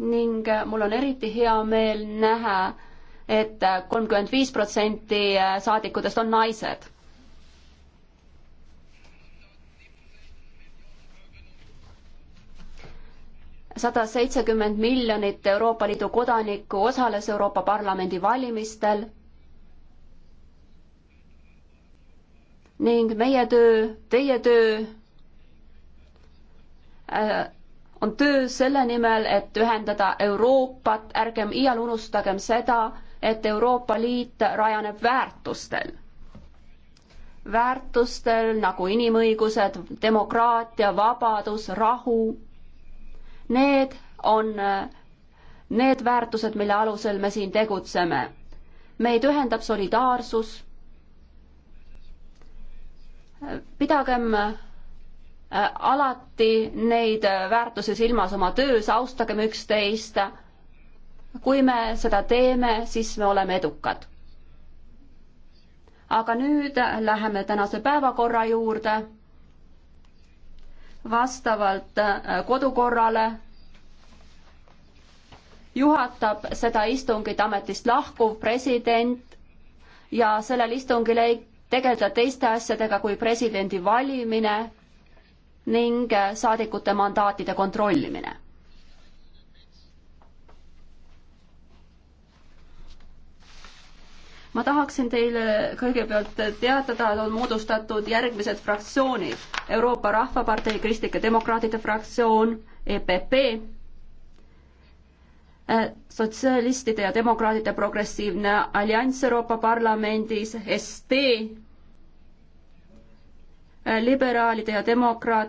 ning mul on eriti hea meel näha et, et kolmkümmend viis protsenti saadikutest on naised. sada seitsekümmend miljonit Euroopa Liidu kodanikku osales Euroopa Parlamendi valimistel ning meie töö, teie töö äh, on töö selle nimel, et ühendada Euroopat, ärgem iial unustagem seda, et Euroopa Liit rajaneb väärtustel. väärtustel nagu inimõigused, demokraatia, vabadus, rahu. Need on need väärtused, mille alusel me siin tegutseme. meid ühendab solidaarsus. pidagem Äh, alati neid äh, väärtusi silmas oma töös, austagem üksteist. kui me seda teeme, siis me oleme edukad. aga nüüd läheme tänase päevakorra juurde. vastavalt äh, kodukorrale juhatab seda istungit ametist lahkuv president ja sellel istungil ei tegeleda teiste asjadega kui presidendi valimine ning äh, saadikute mandaatide kontrollimine. ma tahaksin teile kõigepealt teatada, et on moodustatud järgmised fraktsioonid. Euroopa Rahvapartei Kristlike Demokraatide fraktsioon, EPP, äh, sotsialistide ja demokraatide progressiivne allianss Euroopa Parlamendis, ST, äh, liberaalide ja demokraat-,